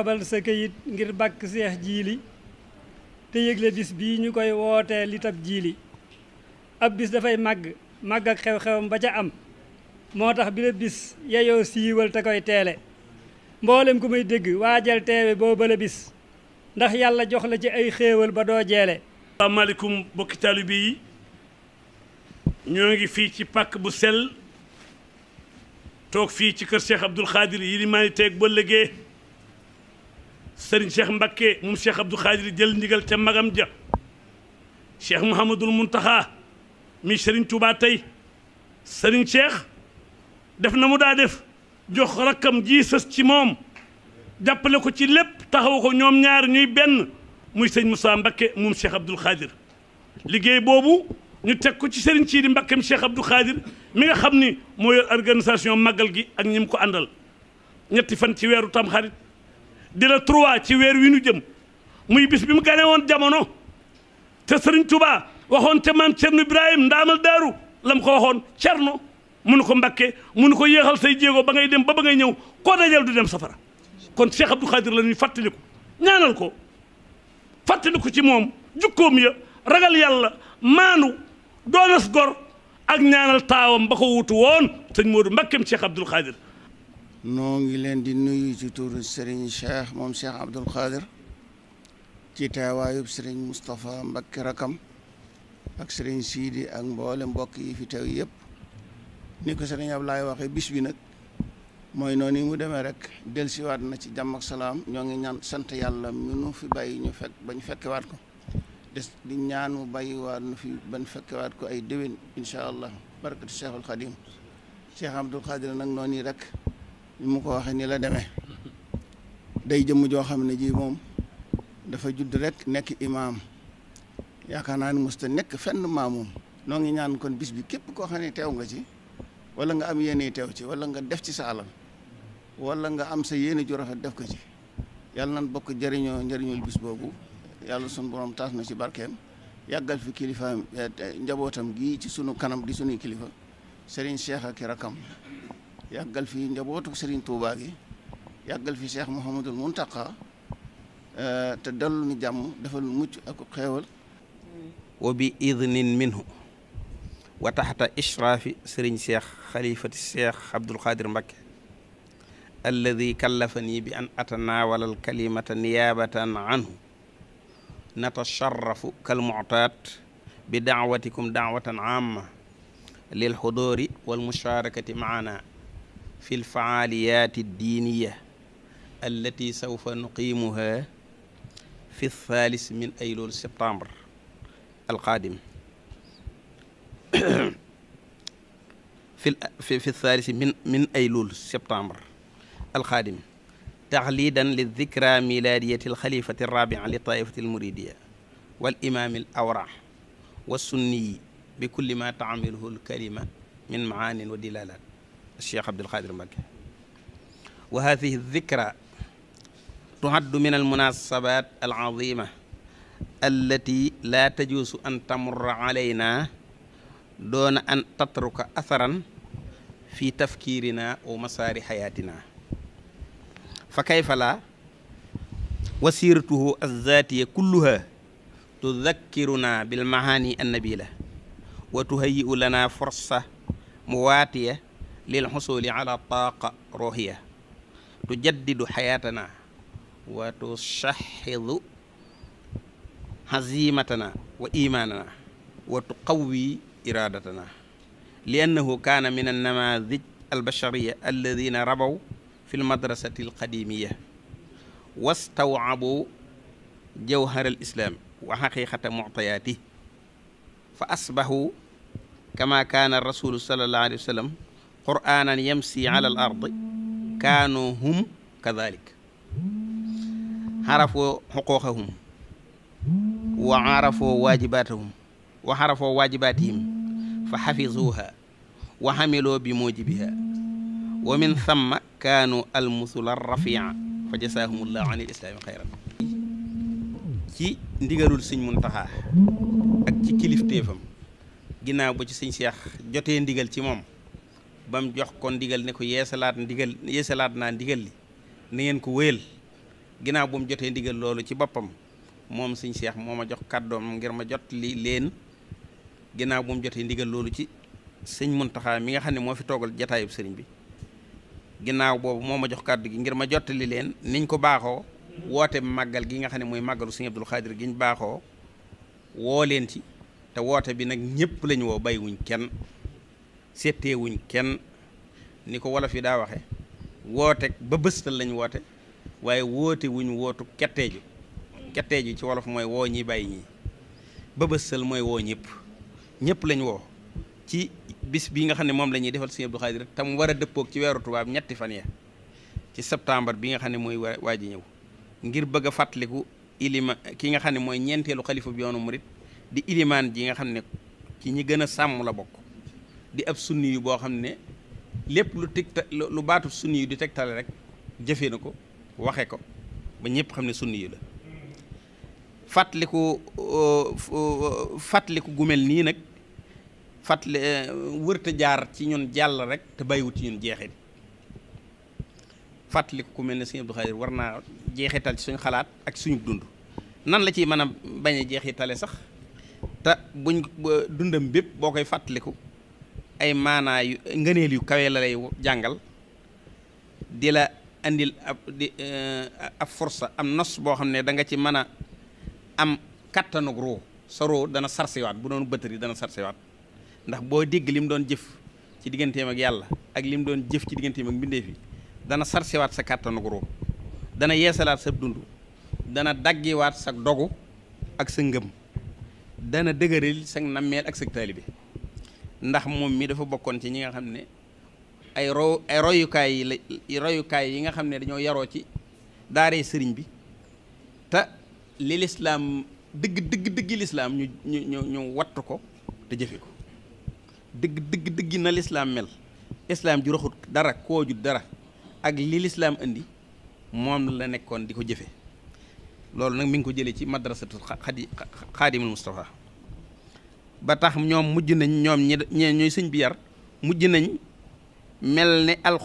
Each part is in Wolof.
abal sa kayit ngir bàkk seex jiili te yëgle bis bii ñu koy wootee li tab jiili ab bis dafay màgg màgg ak xew-xewam ba ca am moo tax bi la bis yeyoo siiwal te koy teele mboolem ku may dégg waajal teewe boo bala bis ndax yàlla jox la ci ay xéewal ba doo jeele asalaamaaleykum bokki taalibe yi ñoo ngi fii ci pàkk bu sel toog fii ci kër Cheikh Abdoul Khadir yi li maa léegi sëriñ Cheikh Mbakke moom Cheikh Abdou Khadir jël ndigal ca magam ja Cheikh Mouhamadul Muntaxa mi seriñ Touba tey sëriñ Cheikh def na mu daa def jox rakkam ji sës ci moom jàppale ko ci lépp taxaw ko ñoom ñaar ñuy benn muy sëñ Moussa Mbakke mu Cheikh Abdou Khadir liggéey boobu ñu teg ko ci sëriñ Sidi Mbakkeem Cheikh Abdou Khadir mi nga xam ni mooy organisation màggal gi ak ñi ko àndal ñetti fan ci weeru tamxarit di la ci weer wi nu jëm muy bis bi mu gane woon jamono te sëriñ Touba waxoon te maam Cerno Ibrahim ndaamal daaru la mu ko waxoon Cerno munu ko mbakke munu ko yéexal say jéego ba ngay dem ba ba ngay ñëw koo dajal du dem safara kon Cheikh Abdou Khadir la ñuy fàttaliku ñaanal ko fàttaliku ci moom jukkoom ya ragal yàlla maanu doonas gor ak ñaanal taawam ba ko wutu woon sëñ Modou Mbakkeem Cheikh Abdou Khadir noo ngi leen di nuyu si turu Serigne Cheikh moom Cheikh Abdoul Khadir ci teewaayub Serigne Moustapha Mbacké rakam ak Serigne Sidi ak mboole mbokk yi fi teew yëpp ni ko ab Ablaye waxee bis bi nag mooy noonu mu demee rek dellusiwaat na ci jàmm ak salaam ñoo ngi ñaan sant yàlla mi nu fi bàyyi ñu fekk bañ fekkewaat ko des di ñaan mu bàyyiwaat nu fi bañ fekkewaat ko ay déwén incha allah barkatu Cheikhul Khadim Cheikh Abdoul Khadir nag noonu rek. ni mu ko waxee ni la demee day jëmm joo xam ne ji moom dafa judd rek nekk imaam yaakaar naa ni musta nekk fenn maamum noo ngi ñaan kon bis bi képp koo xam ne teew nga ci wala nga am yéene teew ci walla nga def ci sa alal wala nga am sa yéene ju rafet def ko ci yàlla nan bokk jëriñoo njëriñul bis boobu yàlla sunu borom taas na ci barkeem yàggal fi kilifaam eh, njabootam gi ci sunu kanam di sunuy kilifa Serigne Cheikh ak rakam yàggal fi njabootu Serigne Touba gi yàggal fi Cheikh Mouhamadul Mountakha euh, te dallu ni jàmm defal mucc ak xeewal wa bi minhu wa taxta ishraafi Serigne Cheikh xalifati Cheikh Abdoul Khadir Mbacké alladi kallafani bi an atanaawala alkalimata niyaabatan anhu natasharrafu kalmuctaat bi daawatikum daawatan aama lilxuduuri walmusharakati maana fi lfaaliyaati diiniya allati sawfa nuqiimuha fi thaalis min aylul septembre alqaadim fi fi thaalis min min aylul septembre alqaadim taxliidan li dikra milaadiyati alxalifati arrabia li taifati almuridiya wal imaami al awra wa sunniyi bi kulli ma taamiluhu alkalima min maanin wa dilalaat Cheikh Abdoul Khadir Mbacké wa hadihi dikra tuhaddu min almunasabat alazima allati la tajuusu an tamurra alayna doona an tatruka atharan fi tafkirina wa masaari xayatina fa kayfa la wasiratuhu alzatiya kulluha tudakkiruna bilmahaani annabila wa tuhayi'u lana forsa muwaatiya lil xusuli ala taaqa ruuxiya tujaddidu xayaatana wa tusaxidu xazimatana wa imaanana wa tuqawi iraadatana li annahu kaana min annamaadij albashariya alladina rabaw fi lmadrasati alqadimiya wastawcabu jawhara alislaam wa xaqiqata muctayaatih fa asbaxu kama kaana rasulu sallallahu alayhi wa sallam qur'aanan yamsi ala al kaanu hum kadalik xarafoo xuquuqahum wa xarafoo wa xarafoo waajibaatihim fa xafizuuha wa xamiloo bi muujibiha wa min thamma kaanu almusula rafia fa jasaahumullahu an ilislaami xayran ci ndigalul sëñ Muntaxa ak ci kilifteefam ginnaaw ba ci sëñ Seex jotee ndigal ci moom ba mu jox ko ndigal ne ko yeesalaat ndigal yeesalaat naa ndigal li na ngeen ko wéyal ginnaaw bu mu jotee ndigal loolu ci boppam moom suñ seex moo ma jox kàddoom ngir ma jot li leen ginnaaw bu mu jotee ndigal loolu ci sëñ Muntaxa mi nga xam ne moo fi toogal jataayub sëriñ bi ginnaaw boobu moo ma jox kàddu gi ngir ma jottali leen niñ ko baaxoo woote màggal gi nga xam ne mooy màggalu sëñ Abdul Xaadir gi ñu baaxoo woo leen ci te woote bi nag ñëpp lañu woo bàyyiwuñ kenn setteewuñ kenn ni ko wolof yi daa waxe woote ba bëstal lañ woote waaye woote wuñ wootu ketteeju ketteeju ci wolof mooy woo ñi bàyyi ñi ba bëstal mooy woo ñëpp ñëpp lañu woo ci bis bi nga xam ne moom la ñuy defal Sëñ Abdou Khadir tam war a dëppoog ci weeru tubaab ñetti fan ya ci septembre bi nga xam ne mooy waa ji ñëw ngir bëgg a fàttaliku ilima ki nga xam ne mooy ñeenteelu xalifa bi yoonu murit di ilimaan ji nga xam ne ci ñi gën a sàmm la bokk di ab sunni yu boo xam ne lépp lu tegta lu baatu sunni yu di tegtale rek jëfee na ko waxe ko ba ñëpp xam ne sunni yu la fàttaliku uh, uh, fàttaliku gu mel nii nag fàttali uh, wërta jaar ci ñun jàll rek te bàyyiwut ci ñun jeexit fàttaliku ku mel ne sëñ Abdou war naa jeexital ci suñ xalaat ak suñu dund nan la ciy mën a bañ a jeexitale sax te buñ dundam bépp boo koy fàttaliku ay maanaa yu ngëneel yu kawe la lay jàngal di la indil ab di eh, ab forsa am nos boo xam ne da nga ci mën a am kattanug ruu sa ruu dana sarsiwaat bu doon bëtëri dana sarsiwaat ndax boo dégg li mu doon jëf ci digganteem ak yàlla ak li mu doon jëf ci digganteem ak mbindeef yi dana sarsiwaat sa kattanug ruu dana yeesalaat sa dund dana daggiwaat sa dogu ak sa ngëm dana dëgëril sa nammeel ak sa taalibe ndax moom mi dafa bokkoon ci ñi nga xam ne ay ro ay royukaay yi la royukaay yi nga xam ne dañoo yaroo ci daaree sëriñ bi te li lislaam dëgg dëgg dëgg lislaam ñu ñu ñu wattu ko te jëfe ko dëgg dëgg dëgg na lislaam mel islaam ju raxut dara kooju dara ak li lislaam indi moom la nekkoon di ko jëfe loolu nag mi ngi ko jëlee ci madrasatu xaadi xaadimul Mustafa ba tax ñoom mujj nañ ñoom ñi ñee ñooy sëñ bi yar mujj nañ mel ni al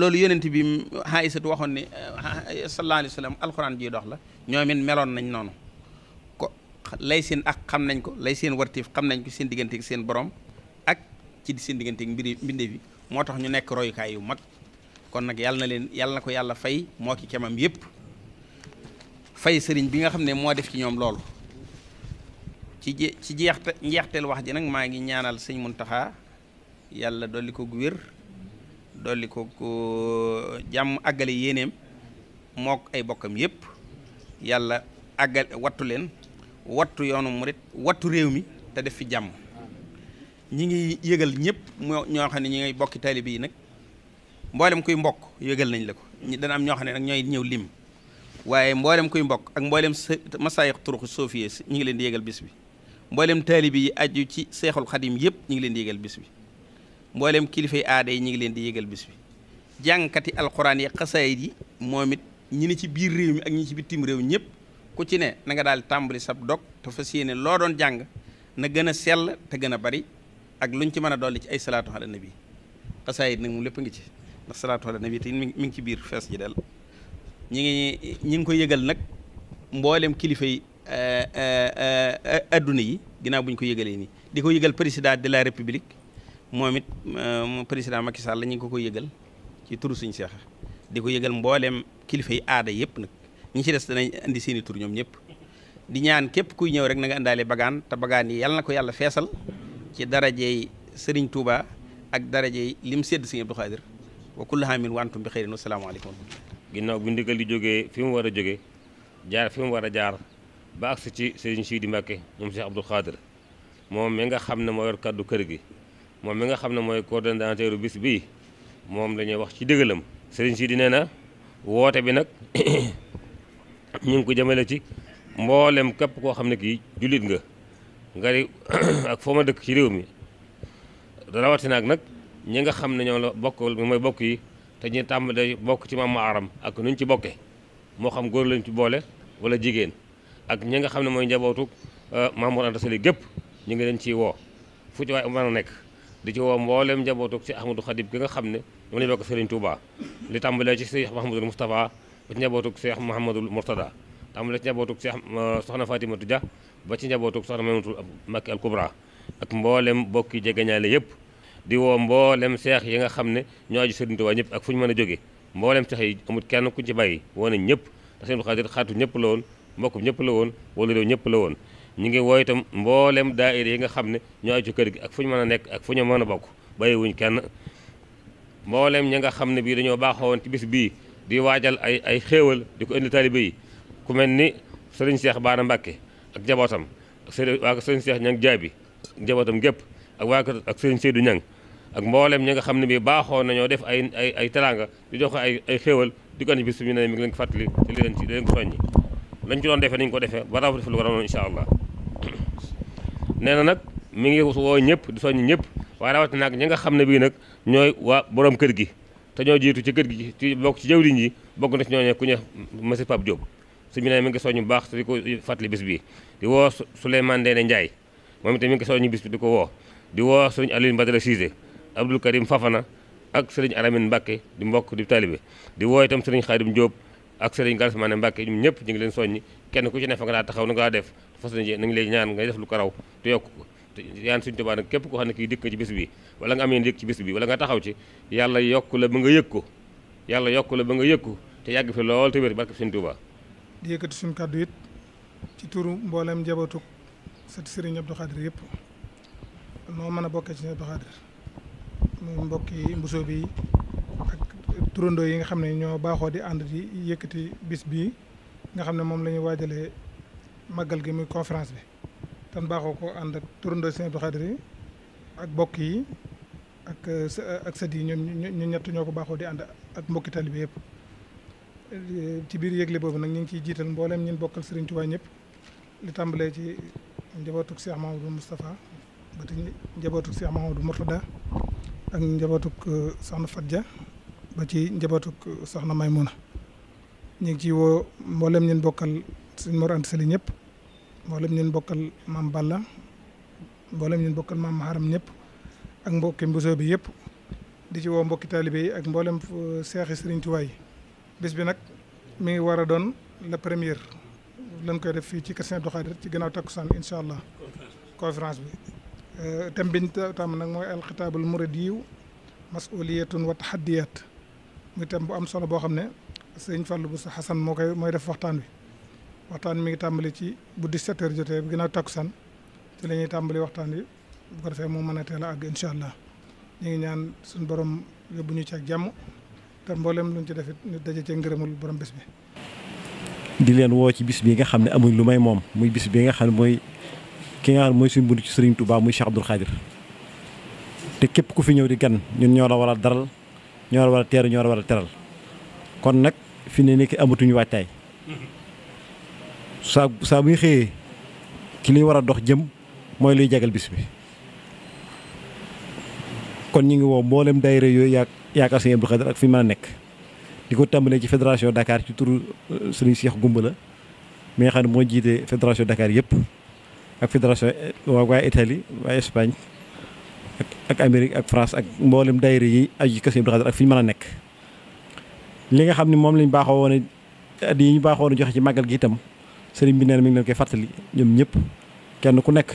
loolu yonent bi Aysatu waxoon ne eh, sallallahu alayhi wa sallam alxuraan ji dox la ñoom meloon nañ noonu ko lay seen ak xam nañ ko lay seen wartiif xam nañ ko seen digganteeg seen borom ak ci seen digganteeg mbiri mbinde bi moo tax ñu nekk royukaay yu mag kon nag yàlla na leen yàlla na ko yàlla fay moo ki kemam yépp fay sëriñ bi nga xam ne moo def ci ñoom loolu ci je ci jeexte njeexteel wax ji nag maa ngi ñaanal sëñ taxa yàlla dolli ko gu wér dolli ko jàmm àggale yéeneem mook ay bokkam yépp yàlla àggal wattu leen wattu yoonu murit wattu réew mi te def fi jàmm ñi ngi yëgal ñëpp moo ñoo xam ne ñu ngay bokki taalibe yi nag mboolem kuy mbokk yëgal nañ la ko dana am ñoo xam ne nag ñooy ñëw lim waaye mboolem kuy mbokk ak mboolem sa masaayiq turuxu soofiye ñu ngi leen di yëgal bis bi mboolem taalibe yi aju ci seexul xadim yëpp ñu ngi leen di yëgal bis bi mboolem kilifa yi aada yi ñu ngi leen di yëgal bis bi jànkati alxuraan yi xasaayit yi moom it ñi ni ci biir réew mi ak ñi ci bitim réew ñëpp ku ci na nga daal tàmbali sab dog te fas yéene loo doon jàng na gën a sell te gën a bari ak luñ ci mën a dolli ci ay salaatu ala nabi xasaayit nag moom lépp ngi ci ndax salaatu ala nabi te mu ngi ci biir fees ji del ñi ngi ñi ngi koy yëgal nag mboolem kilifa yi Eh, eh, eh, adduna yi ginnaaw bu ñu ko yëgalee nii di ko yëgal président de la république moom it président Macky Sall la ñu ngi ko yégal ci turu suñu seex di ko yëgal mbooleem kilifay yi aada yëpp nag ñi ci des danañ indi seen i ñoom ñëpp di ñaan képp kuy ñëw rek na nga àndaale bagaan te bagaan yi yàlla na ko yàlla feesal ci darajey sëriñ Touba ak darajey lim sedd Serigne Abdou Khadir wa kullu aamin wa antum bi xayrin wa salaamu aleykum ginnaaw bu ndigal di jógee fi mu war a jógee jaar fi mu war a jaar ba agsi ci sëriñ Sidi Mbacke moom Cheikh Abdoul Khadir moom mi nga xam ne moo yor kàddu kër gi moom mi nga xam ne mooy coordonnateur bis bii moom lañuy wax ci dëggalam sëriñ Sidi nee na woote bi nag ñu ngi ko jëmale ci mboolem képp koo xam ne kii jullit nga nga di dëkk ci réew mi rawatina ak nag ñi nga xam ne ñoo la mi mooy bokk yi te ñu tàmm day bokk ci maam ma aram ak nuñ ci bokke moo xam góor lañ ci boole wala jigéen ak ñi nga xam ne mooy njabootu euh, Maam Mor Anta Sali gépp ñu ngi leen ciy woo fu ci waaye mën a nekk di ci woo mboolem njabootu si Ahmadou Khadim ki nga xam ne moom la ñu bokk Serigne Touba li tàmbalee ci Cheikh Mahamadul Moustapha ba ci njabootu Cheikh Mahamadul Mourtada tàmbalee ci njabootu Cheikh euh, Soxna Fatimatu Dia ba ci njabootu Soxna Maymunatul Makki al Kubra ak mboolem bokki jegeñaale yëpp di woo mboolem seex yi nga xam ne ñoo aju Serigne Touba ñëpp ak fu ñu mën a jóge mboolem seex yi amul kenn ku ci bàyyi woo nañ ñëpp te Serigne Khadim xaatu ñëpp la woon mbokkum ñëpp la woon wala réew ñëpp la woon ñu ngi woo itam mboolem daayira yi nga xam ne ñoo aju kër gi ak fu ñu mën a nekk ak fu ñu mën a bokk bàyyiwuñ kenn mboolem ñi nga xam ne bii dañoo baaxoon ci bis bii di waajal ay ay xéewal di ko indi ku mel ni sëriñ Cheikh Baara Mbacke ak jabootam ak sëriñ waa sëriñ Cheikh Ñang Jaabi ak jabootam gépp ak waa ak sëriñ Seydou Ñang ak mboolem ñi nga xam ne bii baaxoon nañoo def ay ay ay teraanga di joxe ay ay xéewal di ko indi bis bi ñu ne mi ngi leen ko leen ci leen ko soññi lañ ci doon defee nañ ko defee ba def lu ko doon incha allah nee na nag mi ngi woo ñëpp di soññ ñëpp waa rawatina ak ñi nga xam ne bii nag ñooy waa borom kër gi te ñoo jiitu ci kër gi ci bokk ci jawriñ yi bokk na ci ñooñu ku ñu monsieur Pape Diop su ñu nee mi ngi soññ bu baax di ko fàttali bis bi di woo Souleymane Ndéné Ndiaye moom itam mi ngi soññ bis bi di ko woo di woo sëriñ Alioune Badara Cissé Abdoul Karim Fafana ak sëriñ Aramine Mbacke di mbokk di taalibe di woo itam sëriñ Xaadim Diop ak sëriñ Galas Maane Mbàkke ñoom ñëpp ñu ngi leen soññi kenn ku ci ne fa nga daa taxaw na nga def fas nañ na ñaan nga def lu ko te yokk yaan suñu Tuubaa nag képp koo xam ne kii dikk nga ci bis bi wala nga am yéen dikk ci bis bi wala nga taxaw ci yàlla yokk la ba nga yëg ko yàlla yokk la ba nga yëg ko te yàgg fi lool te wér barke suñu Tuubaa di yëkkati suñu kàddu it ci turu mboolem njabootu sët sëriñ Abdou Khadir yëpp noo mën a bokkee ci Abdou Khadir muy mbokki mbusoo bi turandoo yi nga xam ne ñoo baaxoo di ànd di yëkkati bis bi nga xam ne moom la ñuy waajalee màggal gi muy conférence bi tan baaxoo ko ànd ak turandoo Sëñ Abdou Khadre yi ak bokk yi ak euh, euh, ak sët yi ñoom ñu ñett ko baaxoo di ànd ak mbokki taalibe yëpp euh, ci biir yëgle boobu nag ñu ngi ciy jiital mboolem ñun bokkal Sëriñ Tuubaa ñëpp li tàmbalee ci njabootuk Cheikh Mahamadou Moustapha ba ci njabootuk Cheikh ak njabootuk Soxna Fadja ba ci njabootuk soxna Maymuna ñu ngi ci woo mboolem ñun bokkal suñ Mor Anta ñëpp mboolem ñun bokkal maam Balla mboolem ñun bokkal maam Haram ñëpp ak mbokki mbusoo bi yëpp di ci woo mbokki taalibe ak mboolem uh, seexi Sëriñ Tuubaa yi bi nag mi ngi war a doon la première lañ koy def fii ci Kër Sëriñ Abdou Khadre ci gannaaw takkusaan incha allah conférence bi uh, thème biñ nag mooy alxitaabul muriid yiw masuliyatun wa taxaddiyaat muy thème am solo boo xam ne sëñ Fallou Bousso Xasan moo koy mooy def waxtaan wi waxtaan mi ngi tàmbali ci bu 17 heures jotee bu ginnaaw takkusaan san la ñuy tàmbali waxtaan wi bu ko defee mu mën a teel a àgg incha allah ñu ngi ñaan suñu borom yóbbu ñu ci ak jàmm te mboolem luñ ci defit ñu daje cee ngërëmul borom bés bi. di leen woo ci bis bii nga xam ne amuñ lu may moom muy bis bi nga xam ne mooy ki nga xam ne mooy suñu bunt ci Serigne tubaab muy Cheikh Abdoul Khadir te képp ku fi ñëw di gan ñun ñoo la war a ñoo war a war a teeru ñoo war a war a teral kon nag fi ne nii ki amatuñu waajtaay saa saa bu ñu xëyee ki liy war a dox jëm mooy luy jagal bis bi kon ñu ngi woo mboolem daayira yooyu yaa yaakaar sëñ Abdou Khadre ak fi mën a nekk di ko tàmbalee ci fédération Dakar ci turu euh, sëriñ Cheikh Goumbala mi nga xam ne moo jiite fédération Dakar yëpp ak fédération waa waa Italie waa Espagne ak ak Amérique ak France ak mboolem daayira yi aju kër Sëñ Abdou Khadr ak fi ñu mën a nekk. li nga xam ne moom lañ baaxoo woon yi ñu baaxoo woon joxe ci màggal gi itam sëriñ bi nee na mi ngi leen koy fàttali ñoom ñëpp kenn ku nekk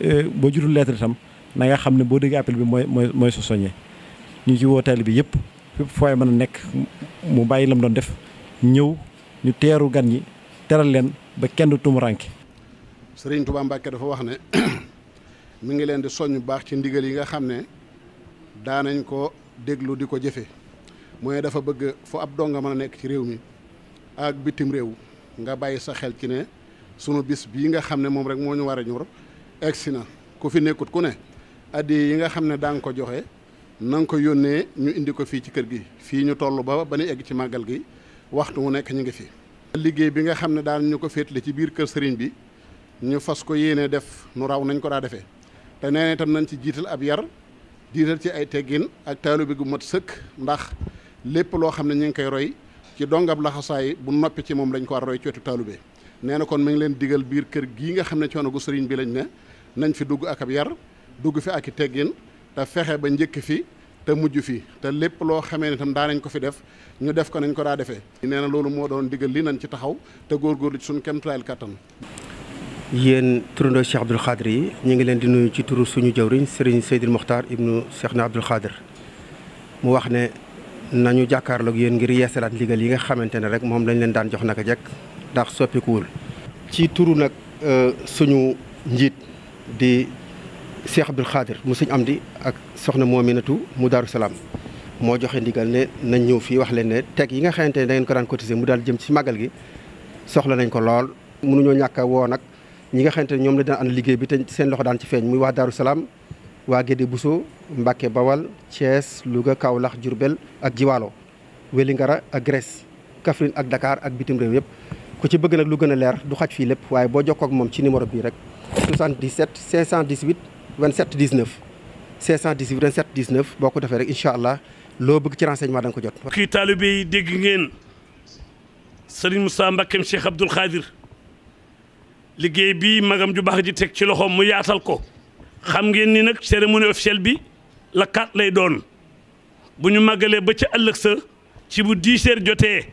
eh, boo jurul lettre itam na nga xam ne boo déggee appel bi mooy mooy mooy sa ñu ci wooteel bi yëpp foo fooy mën a nekk mu bàyyi lam doon def ñëw ñu teeru gan ñi teral leen ba kenn du tumuranke sëriñ Tuubaa Mbàkke dafa wax ne mi ngi leen di soññ baax ci ndigal yi nga xam ne daanañ ko déglu di ko jëfe mooy dafa bëgg fu ab donga mën nekk ci réew mi ak bitim réew nga bàyyi sa xel ci ne sunu bis bii nga xam ne moom rek moo ñu war a ñor egsi na ku fi nekkut ku ne addi yi nga xam ne daa ko joxe na ko yónnee ñu indi ko fii ci kër gi fii ñu toll ba ba ñu egg ci màggal gi waxtu mu nekk ñu ngi fi. liggéey bi nga xam ne daan ñu ko féetale ci biir kër sëriñ bi ñu fas ko yéene def nu raw nañ ko daa defee. te nee na itam nañ ci jiital ab yar jiital ci ay teggin ak taalibe gu mat sëkk ndax lépp loo xam ne ñu ngi koy roy ci dongam laxasaay bu noppi ci moom lañ ko war a roy ci wetu taalibe neena kon mi leen digal biir kër gii nga xam ne coono gu sëriñ bi lañ ne nañ fi dugg ak ab yar dugg fi ak i teggin te fexe ba njëkk fi te mujj fi te lépp loo xamee ne tam daa nañ ko fi def ñu def ko nañ ko daa defee nee na loolu moo doon digal li nañ ci taxaw te góorgóorlu ci suñ kemtulaayal kàttan yéen turandoo Cheikh Abdoul Khadir yi ñu ngi leen di nuyu ci turu suñu jawriñ Serigne Seydil Mokhtar ibnu Cheikh na Abdoul Khadir mu wax ne nañu jàkkaarloog yéen ngir yeesalaat ndigal yi nga xamante ne rek moom lañ leen daan jox naka jekk ndax soppikuwul ci turu nag euh, suñu njiit di Cheikh Abdoul Khadir mu sëñ Amdi ak soxna Moominatu mu Daaru Salaam moo joxe ndigal ne nañ ñëw fii wax leen ne teg yi nga xamante ne da ko daan cotiser mu daal jëm ci màggal gi soxla nañ ko lool mënuñoo ñàkk nag ñi nga xamante ne ñoom la daan ànd liggéey bi te seen loxo daan ci feeñ muy waa Daaru Salaam waa Gédé Bousso Mbacke Bawal Thiès Louga Kaolack Diourbel ak Jiwaalo Wélingara ak Grèce Kaffrine ak Dakar ak bitim réew yëpp ku ci bëgg nag lu gën a leer du xaj fii lépp waaye boo jokkoo ak moom ci numéro bii rek 77 518 27 19 518 27 boo ko defee rek incha allah loo bëgg ci renseignement da nga ko jot. kii taalibe yi dégg ngeen Serigne Moussa Mbakkeem Cheikh Abdoul Khadir. liggéey bi magam ju baax ji teg ci loxoom mu yaatal ko xam ngeen ni nag cérémonie officielle bi la kaat lay doon bu ñu màggalee ba ca ëllëg sa ci bu dix jotee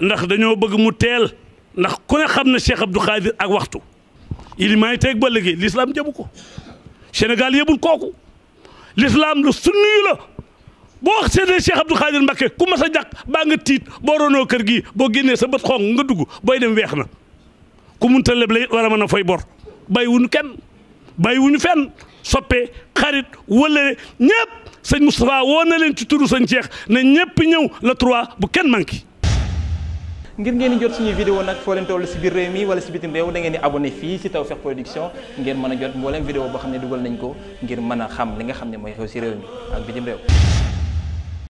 ndax dañoo bëgg mu teel ndax ku ne xam na Cheikh Abdou Khadir ak waxtu ilimaay teg ba léegi l'islam jëmu ko Sénégal yëbul kooku l'islam lu sunni la boo wax seetee Cheikh Abdou Khadir Mbacké ku mas a jàq baa nga tiit boo ronoo kër gi boo génnee sa bët xong nga dugg booy dem weex na ku mun ta leble it war a mën a fay bor bàyyi wuñu kenn bàyyi wuñu fenn soppe xarit wala ñëpp sëñ Moustapha woo na leen ci turu sëñ Cheikh na ñëpp ñëw la trois bu kenn manqué. ngir ngeen di jot suñuy vidéo nag foo leen toll si biir réew mi wala si bitim réew da ngeen di abonné fii si Tawfekh Production ngeen mën a jot mboolem vidéo boo xam ne dugal nañ ko ngir mën a xam li nga xam ne mooy xew si réew mi ak bitim réew.